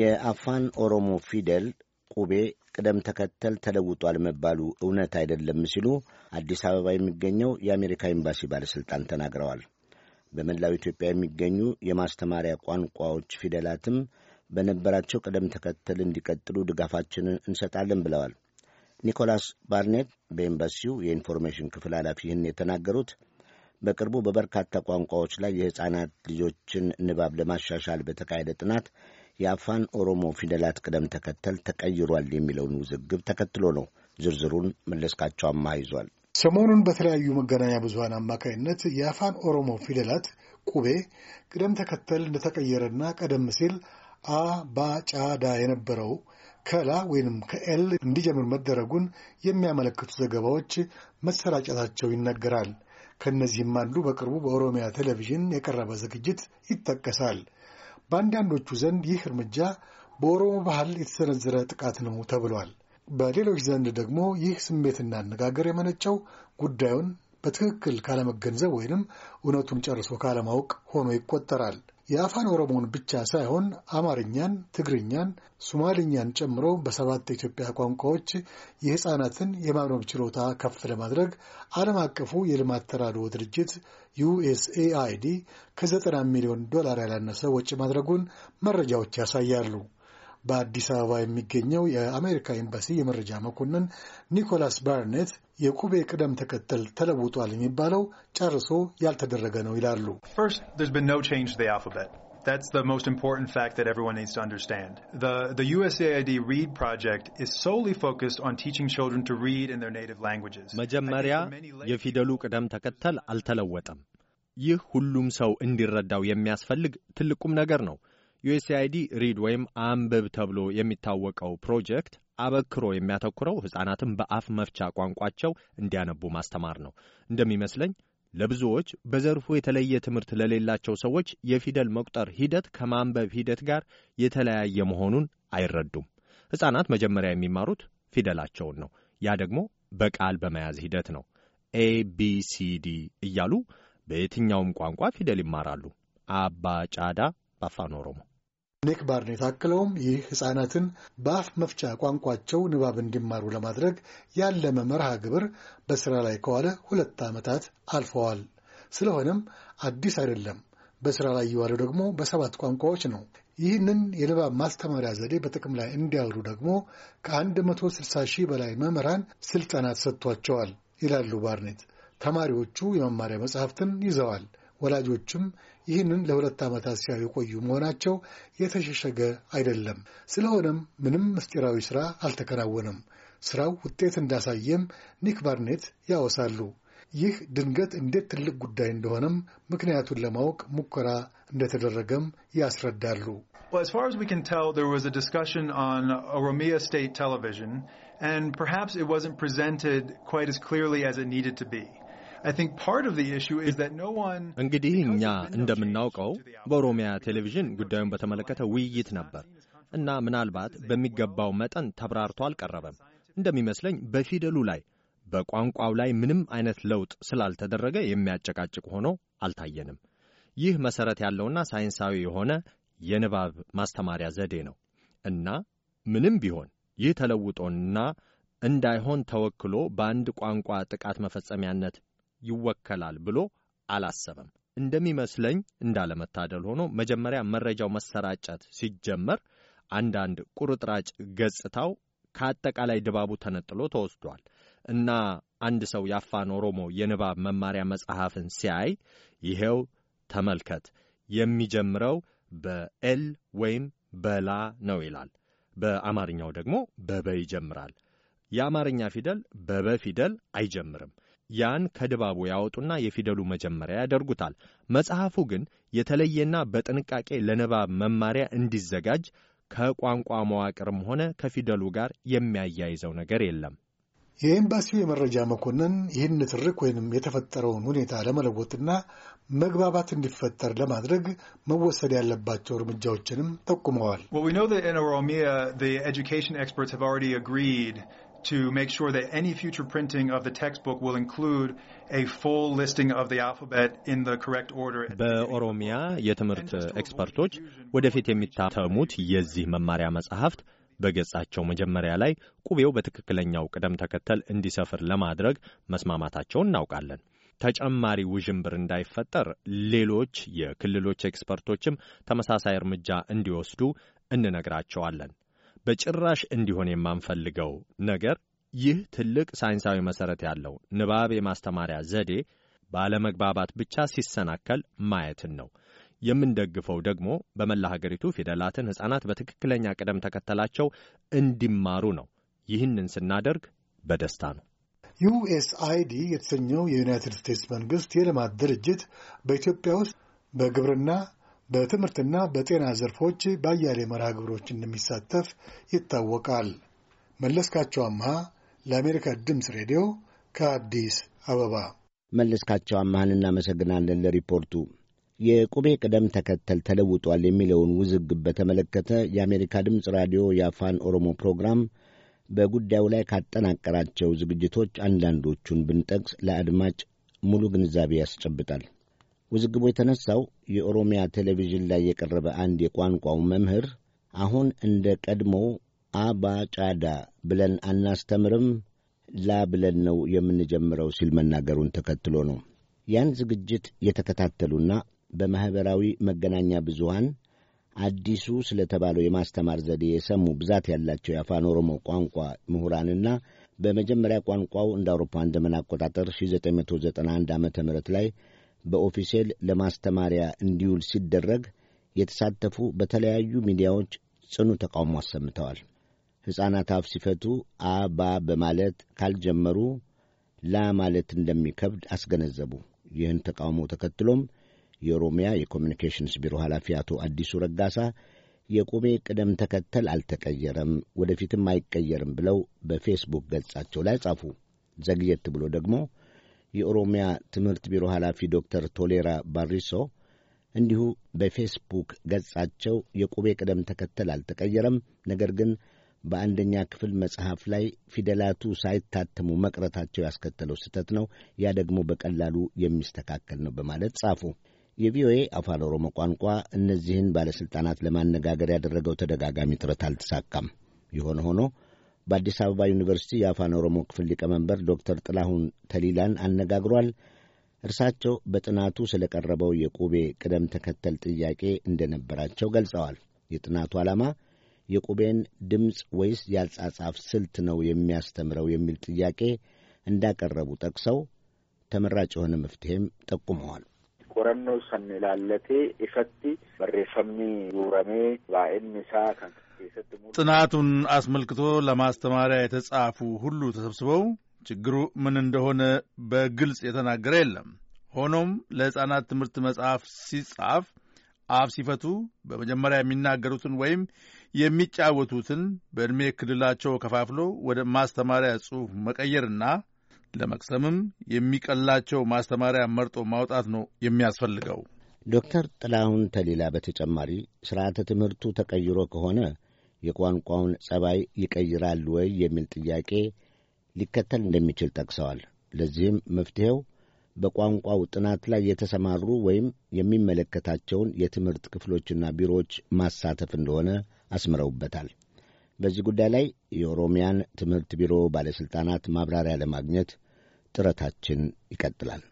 የአፋን ኦሮሞ ፊደል ቁቤ ቅደም ተከተል ተለውጧል መባሉ እውነት አይደለም ሲሉ አዲስ አበባ የሚገኘው የአሜሪካ ኤምባሲ ባለሥልጣን ተናግረዋል። በመላው ኢትዮጵያ የሚገኙ የማስተማሪያ ቋንቋዎች ፊደላትም በነበራቸው ቅደም ተከተል እንዲቀጥሉ ድጋፋችንን እንሰጣለን ብለዋል። ኒኮላስ ባርኔት በኤምባሲው የኢንፎርሜሽን ክፍል ኃላፊ ይህን የተናገሩት በቅርቡ በበርካታ ቋንቋዎች ላይ የሕፃናት ልጆችን ንባብ ለማሻሻል በተካሄደ ጥናት የአፋን ኦሮሞ ፊደላት ቅደም ተከተል ተቀይሯል የሚለውን ውዝግብ ተከትሎ ነው። ዝርዝሩን መለስካቸው አማሃ ይዟል። ሰሞኑን በተለያዩ መገናኛ ብዙሀን አማካይነት የአፋን ኦሮሞ ፊደላት ቁቤ ቅደም ተከተል እንደተቀየረና ቀደም ሲል አ ባ ጫ ዳ የነበረው ከላ ወይንም ከኤል እንዲጀምር መደረጉን የሚያመለክቱ ዘገባዎች መሰራጨታቸው ይነገራል። ከእነዚህም አንዱ በቅርቡ በኦሮሚያ ቴሌቪዥን የቀረበ ዝግጅት ይጠቀሳል። በአንዳንዶቹ ዘንድ ይህ እርምጃ በኦሮሞ ባህል የተሰነዘረ ጥቃት ነው ተብሏል። በሌሎች ዘንድ ደግሞ ይህ ስሜትና አነጋገር የመነጨው ጉዳዩን በትክክል ካለመገንዘብ ወይንም እውነቱን ጨርሶ ካለማወቅ ሆኖ ይቆጠራል። የአፋን ኦሮሞን ብቻ ሳይሆን አማርኛን፣ ትግርኛን፣ ሱማሊኛን ጨምሮ በሰባት የኢትዮጵያ ቋንቋዎች የሕፃናትን የማንበብ ችሎታ ከፍ ለማድረግ ዓለም አቀፉ የልማት ተራድኦ ድርጅት ዩኤስኤአይዲ ከዘጠና ሚሊዮን ዶላር ያላነሰ ወጪ ማድረጉን መረጃዎች ያሳያሉ። በአዲስ አበባ የሚገኘው የአሜሪካ ኤምባሲ የመረጃ መኮንን ኒኮላስ ባርኔት የቁቤ ቅደም ተከተል ተለውጧል የሚባለው ጨርሶ ያልተደረገ ነው ይላሉ። That's the most important fact that everyone needs to understand. The, the USAID Read project is solely focused on teaching children to read in their native languages. መጀመሪያ የፊደሉ ቅደም ተከተል አልተለወጠም። ይህ ሁሉም ሰው እንዲረዳው የሚያስፈልግ ትልቁም ነገር ነው። ዩኤስኤአይዲ ሪድ ወይም አንብብ ተብሎ የሚታወቀው ፕሮጀክት አበክሮ የሚያተኩረው ሕፃናትን በአፍ መፍቻ ቋንቋቸው እንዲያነቡ ማስተማር ነው። እንደሚመስለኝ ለብዙዎች በዘርፉ የተለየ ትምህርት ለሌላቸው ሰዎች የፊደል መቁጠር ሂደት ከማንበብ ሂደት ጋር የተለያየ መሆኑን አይረዱም። ሕፃናት መጀመሪያ የሚማሩት ፊደላቸውን ነው። ያ ደግሞ በቃል በመያዝ ሂደት ነው። ኤ ቢ ሲ ዲ እያሉ በየትኛውም ቋንቋ ፊደል ይማራሉ። አባ ጫዳ በአፋን ኦሮሞ ኒክ ባርኔት አክለውም ይህ ሕፃናትን በአፍ መፍቻ ቋንቋቸው ንባብ እንዲማሩ ለማድረግ ያለመ መርሃ ግብር በሥራ ላይ ከዋለ ሁለት ዓመታት አልፈዋል። ስለሆነም አዲስ አይደለም። በሥራ ላይ እየዋለው ደግሞ በሰባት ቋንቋዎች ነው። ይህንን የንባብ ማስተማሪያ ዘዴ በጥቅም ላይ እንዲያውሉ ደግሞ ከ160 ሺህ በላይ መምህራን ሥልጠና ተሰጥቷቸዋል ይላሉ ባርኔት። ተማሪዎቹ የመማሪያ መጽሐፍትን ይዘዋል። ወላጆችም ይህንን ለሁለት ዓመታት ሲያዩ የቆዩ መሆናቸው የተሸሸገ አይደለም። ስለሆነም ምንም ምስጢራዊ ሥራ አልተከናወነም። ሥራው ውጤት እንዳሳየም ኒክ ባርኔት ያወሳሉ። ይህ ድንገት እንዴት ትልቅ ጉዳይ እንደሆነም ምክንያቱን ለማወቅ ሙከራ እንደተደረገም ያስረዳሉ። ስ እንግዲህ እኛ እንደምናውቀው በኦሮሚያ ቴሌቪዥን ጉዳዩን በተመለከተ ውይይት ነበር እና ምናልባት በሚገባው መጠን ተብራርቶ አልቀረበም። እንደሚመስለኝ በፊደሉ ላይ በቋንቋው ላይ ምንም አይነት ለውጥ ስላልተደረገ የሚያጨቃጭቅ ሆኖ አልታየንም። ይህ መሰረት ያለውና ሳይንሳዊ የሆነ የንባብ ማስተማሪያ ዘዴ ነው እና ምንም ቢሆን ይህ ተለውጦና እንዳይሆን ተወክሎ በአንድ ቋንቋ ጥቃት መፈጸሚያነት ይወከላል ብሎ አላሰበም። እንደሚመስለኝ እንዳለመታደል ሆኖ መጀመሪያ መረጃው መሰራጨት ሲጀመር አንዳንድ ቁርጥራጭ ገጽታው ከአጠቃላይ ድባቡ ተነጥሎ ተወስዷል እና አንድ ሰው የአፋን ኦሮሞ የንባብ መማሪያ መጽሐፍን ሲያይ ይሄው ተመልከት የሚጀምረው በኤል ወይም በላ ነው ይላል። በአማርኛው ደግሞ በበ ይጀምራል። የአማርኛ ፊደል በበ ፊደል አይጀምርም። ያን ከድባቡ ያወጡና የፊደሉ መጀመሪያ ያደርጉታል። መጽሐፉ ግን የተለየና በጥንቃቄ ለንባብ መማሪያ እንዲዘጋጅ ከቋንቋ መዋቅርም ሆነ ከፊደሉ ጋር የሚያያይዘው ነገር የለም። የኤምባሲው የመረጃ መኮንን ይህን ትርክ ወይንም የተፈጠረውን ሁኔታ ለመለወጥና መግባባት እንዲፈጠር ለማድረግ መወሰድ ያለባቸው እርምጃዎችንም ጠቁመዋል። to make sure that any future printing of the textbook will include a full listing of the alphabet in the correct order. በኦሮሚያ የትምህርት ኤክስፐርቶች ወደፊት የሚታተሙት የዚህ መማሪያ መጽሐፍት በገጻቸው መጀመሪያ ላይ ቁቤው በትክክለኛው ቅደም ተከተል እንዲሰፍር ለማድረግ መስማማታቸውን እናውቃለን። ተጨማሪ ውዥንብር እንዳይፈጠር ሌሎች የክልሎች ኤክስፐርቶችም ተመሳሳይ እርምጃ እንዲወስዱ እንነግራቸዋለን። በጭራሽ እንዲሆን የማንፈልገው ነገር ይህ ትልቅ ሳይንሳዊ መሠረት ያለው ንባብ የማስተማሪያ ዘዴ ባለመግባባት ብቻ ሲሰናከል ማየትን ነው። የምንደግፈው ደግሞ በመላ ሀገሪቱ ፊደላትን ሕፃናት በትክክለኛ ቅደም ተከተላቸው እንዲማሩ ነው። ይህንን ስናደርግ በደስታ ነው። ዩኤስአይዲ የተሰኘው የዩናይትድ ስቴትስ መንግሥት የልማት ድርጅት በኢትዮጵያ ውስጥ በግብርና በትምህርትና በጤና ዘርፎች በአያሌ መርሃ ግብሮች እንደሚሳተፍ ይታወቃል። መለስካቸው አምሃ ለአሜሪካ ድምፅ ሬዲዮ ከአዲስ አበባ። መለስካቸው አምሃን እናመሰግናለን ለሪፖርቱ። የቁቤ ቅደም ተከተል ተለውጧል የሚለውን ውዝግብ በተመለከተ የአሜሪካ ድምፅ ራዲዮ የአፋን ኦሮሞ ፕሮግራም በጉዳዩ ላይ ካጠናቀራቸው ዝግጅቶች አንዳንዶቹን ብንጠቅስ ለአድማጭ ሙሉ ግንዛቤ ያስጨብጣል። ውዝግቡ የተነሳው የኦሮሚያ ቴሌቪዥን ላይ የቀረበ አንድ የቋንቋው መምህር አሁን እንደ ቀድሞው አባ ጫዳ ብለን አናስተምርም ላ ብለን ነው የምንጀምረው ሲል መናገሩን ተከትሎ ነው። ያን ዝግጅት የተከታተሉና በማኅበራዊ መገናኛ ብዙሃን አዲሱ ስለተባለው የማስተማር ዘዴ የሰሙ ብዛት ያላቸው የአፋን ኦሮሞ ቋንቋ ምሁራንና በመጀመሪያ ቋንቋው እንደ አውሮፓውያን ዘመን አቆጣጠር 1991 ዓ ም ላይ በኦፊሴል ለማስተማሪያ እንዲውል ሲደረግ የተሳተፉ በተለያዩ ሚዲያዎች ጽኑ ተቃውሞ አሰምተዋል። ሕፃናት አፍ ሲፈቱ አባ በማለት ካልጀመሩ ላ ማለት እንደሚከብድ አስገነዘቡ። ይህን ተቃውሞ ተከትሎም የኦሮሚያ የኮሚኒኬሽንስ ቢሮ ኃላፊ አቶ አዲሱ ረጋሳ የቁሜ ቅደም ተከተል አልተቀየረም፣ ወደፊትም አይቀየርም ብለው በፌስቡክ ገጻቸው ላይ ጻፉ። ዘግየት ብሎ ደግሞ የኦሮሚያ ትምህርት ቢሮ ኃላፊ ዶክተር ቶሌራ ባሪሶ እንዲሁ በፌስቡክ ገጻቸው የቁቤ ቅደም ተከተል አልተቀየረም፣ ነገር ግን በአንደኛ ክፍል መጽሐፍ ላይ ፊደላቱ ሳይታተሙ መቅረታቸው ያስከተለው ስህተት ነው፣ ያ ደግሞ በቀላሉ የሚስተካከል ነው በማለት ጻፉ። የቪኦኤ አፋን ኦሮሞ ቋንቋ እነዚህን ባለሥልጣናት ለማነጋገር ያደረገው ተደጋጋሚ ጥረት አልተሳካም። የሆነ ሆኖ በአዲስ አበባ ዩኒቨርሲቲ የአፋን ኦሮሞ ክፍል ሊቀመንበር ዶክተር ጥላሁን ተሊላን አነጋግሯል። እርሳቸው በጥናቱ ስለ ቀረበው የቁቤ ቅደም ተከተል ጥያቄ እንደነበራቸው ገልጸዋል። የጥናቱ ዓላማ የቁቤን ድምፅ ወይስ ያጻጻፍ ስልት ነው የሚያስተምረው የሚል ጥያቄ እንዳቀረቡ ጠቅሰው ተመራጭ የሆነ መፍትሄም ጠቁመዋል። ቆረኖ ሰኔ ኢፈቲ በሬፈሚ ዩረሜ ባኤን ከን ጥናቱን አስመልክቶ ለማስተማሪያ የተጻፉ ሁሉ ተሰብስበው ችግሩ ምን እንደሆነ በግልጽ የተናገረ የለም። ሆኖም ለሕፃናት ትምህርት መጽሐፍ ሲጻፍ አፍ ሲፈቱ በመጀመሪያ የሚናገሩትን ወይም የሚጫወቱትን በዕድሜ ክልላቸው ከፋፍሎ ወደ ማስተማሪያ ጽሑፍ መቀየርና ለመቅሰምም የሚቀላቸው ማስተማሪያ መርጦ ማውጣት ነው የሚያስፈልገው። ዶክተር ጥላሁን ተሊላ በተጨማሪ ስርዓተ ትምህርቱ ተቀይሮ ከሆነ የቋንቋውን ጸባይ ይቀይራል ወይ የሚል ጥያቄ ሊከተል እንደሚችል ጠቅሰዋል። ለዚህም መፍትሔው በቋንቋው ጥናት ላይ የተሰማሩ ወይም የሚመለከታቸውን የትምህርት ክፍሎችና ቢሮዎች ማሳተፍ እንደሆነ አስምረውበታል። በዚህ ጉዳይ ላይ የኦሮሚያን ትምህርት ቢሮ ባለሥልጣናት ማብራሪያ ለማግኘት ጥረታችን ይቀጥላል።